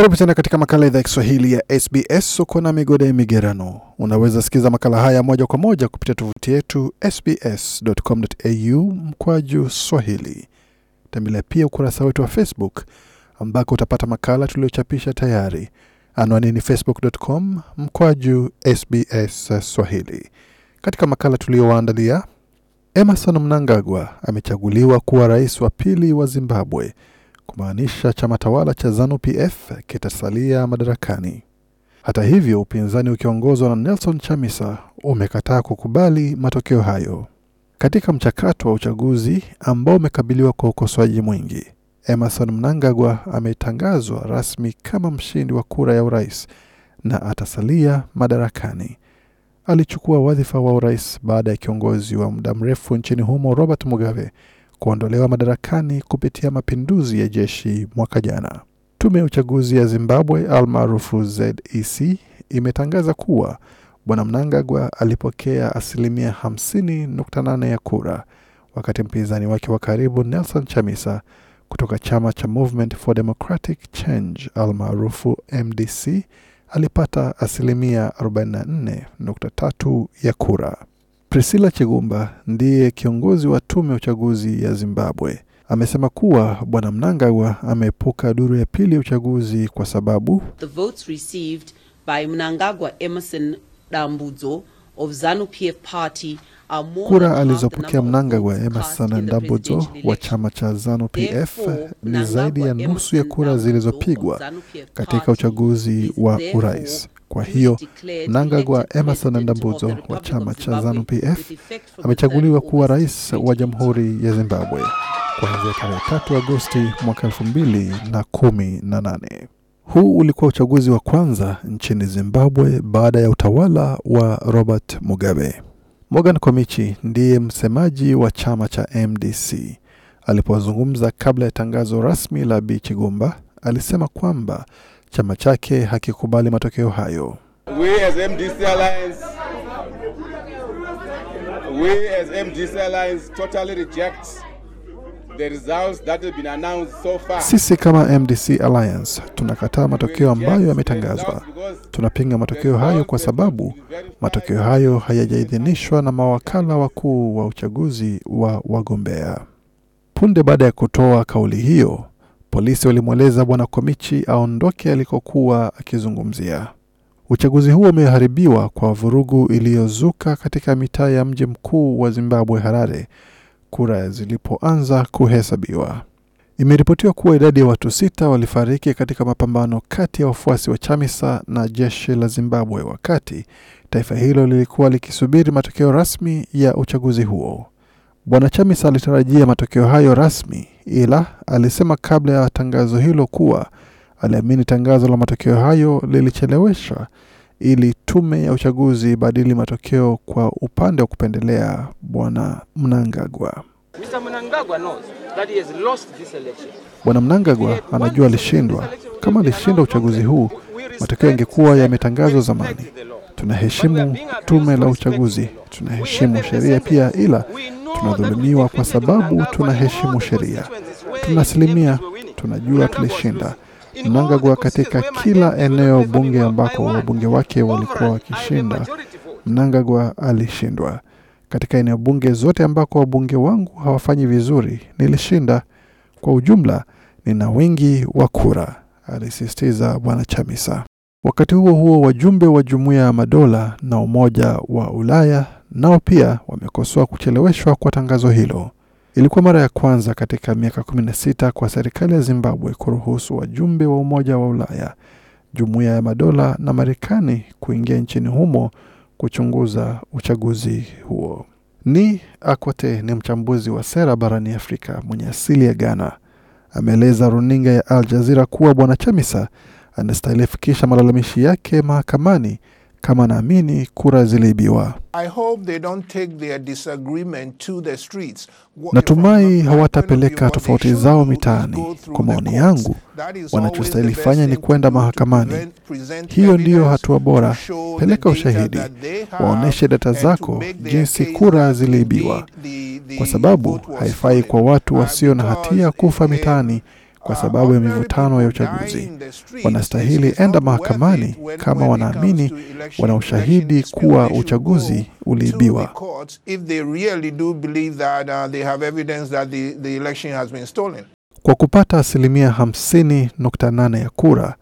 Karibu tena katika makala idhaa ya Kiswahili ya SBS. Uko na migode ya migerano. Unaweza sikiza makala haya moja kwa moja kupitia tovuti yetu sbs.com.au mkwaju swahili. Tembelea pia ukurasa wetu wa Facebook ambako utapata makala tuliochapisha tayari. Anwani ni facebook.com mkwaju sbs swahili. Katika makala tuliyoandalia Emerson Mnangagwa amechaguliwa kuwa rais wa pili wa Zimbabwe kumaanisha chama tawala cha ZANU-PF kitasalia madarakani. Hata hivyo, upinzani ukiongozwa na Nelson Chamisa umekataa kukubali matokeo hayo. Katika mchakato wa uchaguzi ambao umekabiliwa kwa ukosoaji mwingi, Emerson Mnangagwa ametangazwa rasmi kama mshindi wa kura ya urais na atasalia madarakani. Alichukua wadhifa wa urais baada ya kiongozi wa muda mrefu nchini humo Robert Mugabe kuondolewa madarakani kupitia mapinduzi ya jeshi mwaka jana. Tume ya uchaguzi ya Zimbabwe almaarufu ZEC imetangaza kuwa Bwana Mnangagwa alipokea asilimia 50.8 ya kura, wakati mpinzani wake wa karibu Nelson Chamisa kutoka chama cha Movement for Democratic Change almaarufu MDC alipata asilimia 44.3 ya kura. Priscilla Chegumba ndiye kiongozi wa tume ya uchaguzi ya Zimbabwe amesema kuwa Bwana Mnangagwa ameepuka duru ya pili ya uchaguzi kwa sababu The votes received by Mnangagwa Emerson Dambudzo of ZANU-PF party Kura alizopokea Mnangagwa Emmerson Dambudzo wa chama cha ZANU-PF ni zaidi ya nusu ya kura zilizopigwa katika uchaguzi wa urais. Kwa hiyo Mnangagwa Emerson Ndambuzo wa chama cha ZANU PF amechaguliwa kuwa rais wa jamhuri ya Zimbabwe kuanzia tarehe tatu Agosti mwaka elfu mbili na kumi na nane. Huu ulikuwa uchaguzi wa kwanza nchini Zimbabwe baada ya utawala wa Robert Mugabe. Morgan Komichi ndiye msemaji wa chama cha MDC. Alipozungumza kabla ya tangazo rasmi la Bi Chigumba, alisema kwamba chama chake hakikubali matokeo hayo. We as MDC Alliance, we as MDC Alliance totally reject the results that have been announced so far. Sisi kama MDC Alliance tunakataa matokeo ambayo yametangazwa. Tunapinga matokeo hayo kwa sababu matokeo hayo hayajaidhinishwa na mawakala wakuu wa uchaguzi wa wagombea. Punde baada ya kutoa kauli hiyo Polisi walimweleza bwana Komichi aondoke alikokuwa akizungumzia. Uchaguzi huo umeharibiwa kwa vurugu iliyozuka katika mitaa ya mji mkuu wa Zimbabwe, Harare, kura zilipoanza kuhesabiwa. Imeripotiwa kuwa idadi ya watu sita walifariki katika mapambano kati ya wafuasi wa Chamisa na jeshi la Zimbabwe wakati taifa hilo lilikuwa likisubiri matokeo rasmi ya uchaguzi huo. Bwana Chamisa alitarajia matokeo hayo rasmi, ila alisema kabla ya tangazo hilo kuwa aliamini tangazo la matokeo hayo lilicheleweshwa ili tume ya uchaguzi ibadili matokeo kwa upande wa kupendelea Bwana Mnangagwa. Bwana Mnangagwa anajua alishindwa. Kama alishinda uchaguzi huu, matokeo yangekuwa yametangazwa zamani. Tunaheshimu tume la uchaguzi, tunaheshimu sheria pia, ila tunadhulumiwa kwa sababu tunaheshimu sheria, tunasilimia, tunajua tulishinda. Mnangagwa katika kila eneo bunge ambako wabunge wake walikuwa wakishinda, Mnangagwa alishindwa. Katika eneo bunge zote ambako wabunge wangu hawafanyi vizuri, nilishinda. Kwa ujumla, nina wingi wa kura, alisisitiza Bwana Chamisa. Wakati huo huo, wajumbe wa Jumuiya ya Madola na Umoja wa Ulaya nao pia wamekosoa kucheleweshwa kwa tangazo hilo. Ilikuwa mara ya kwanza katika miaka 16 kwa serikali ya Zimbabwe kuruhusu wajumbe wa Umoja wa Ulaya, Jumuiya ya Madola na Marekani kuingia nchini humo kuchunguza uchaguzi huo. Ni Akote ni mchambuzi wa sera barani Afrika mwenye asili ya Ghana. Ameeleza runinga ya Al Jazeera kuwa Bwana Chamisa anastahili fikisha malalamishi yake mahakamani kama anaamini kura ziliibiwa. Natumai hawatapeleka tofauti zao mitaani. Kwa maoni yangu, wanachostahili fanya ni kwenda mahakamani. Hiyo ndiyo hatua bora. Peleka ushahidi, waonyeshe data zako, jinsi kura ziliibiwa, kwa sababu haifai kwa watu wasio na hatia kufa mitaani kwa sababu ya mivutano ya uchaguzi. Wanastahili enda mahakamani kama wanaamini wana ushahidi kuwa uchaguzi uliibiwa. Kwa kupata asilimia 50.8 ya kura,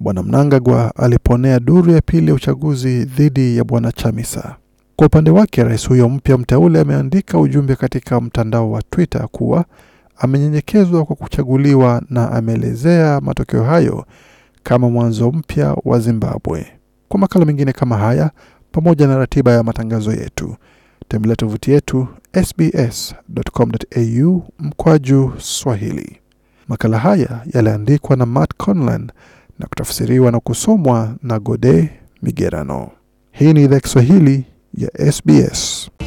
Bwana Mnangagwa aliponea duru ya pili ya uchaguzi dhidi ya Bwana Chamisa. Kwa upande wake, rais huyo mpya mteule ameandika ujumbe katika mtandao wa Twitter kuwa amenyenyekezwa kwa kuchaguliwa na ameelezea matokeo hayo kama mwanzo mpya wa Zimbabwe. Kwa makala mengine kama haya pamoja na ratiba ya matangazo yetu tembelea tovuti yetu sbs.com.au mkwaju Swahili. Makala haya yaliandikwa na Matt Conlan na kutafsiriwa na kusomwa na Gode Migerano. Hii ni idhaa Kiswahili ya SBS.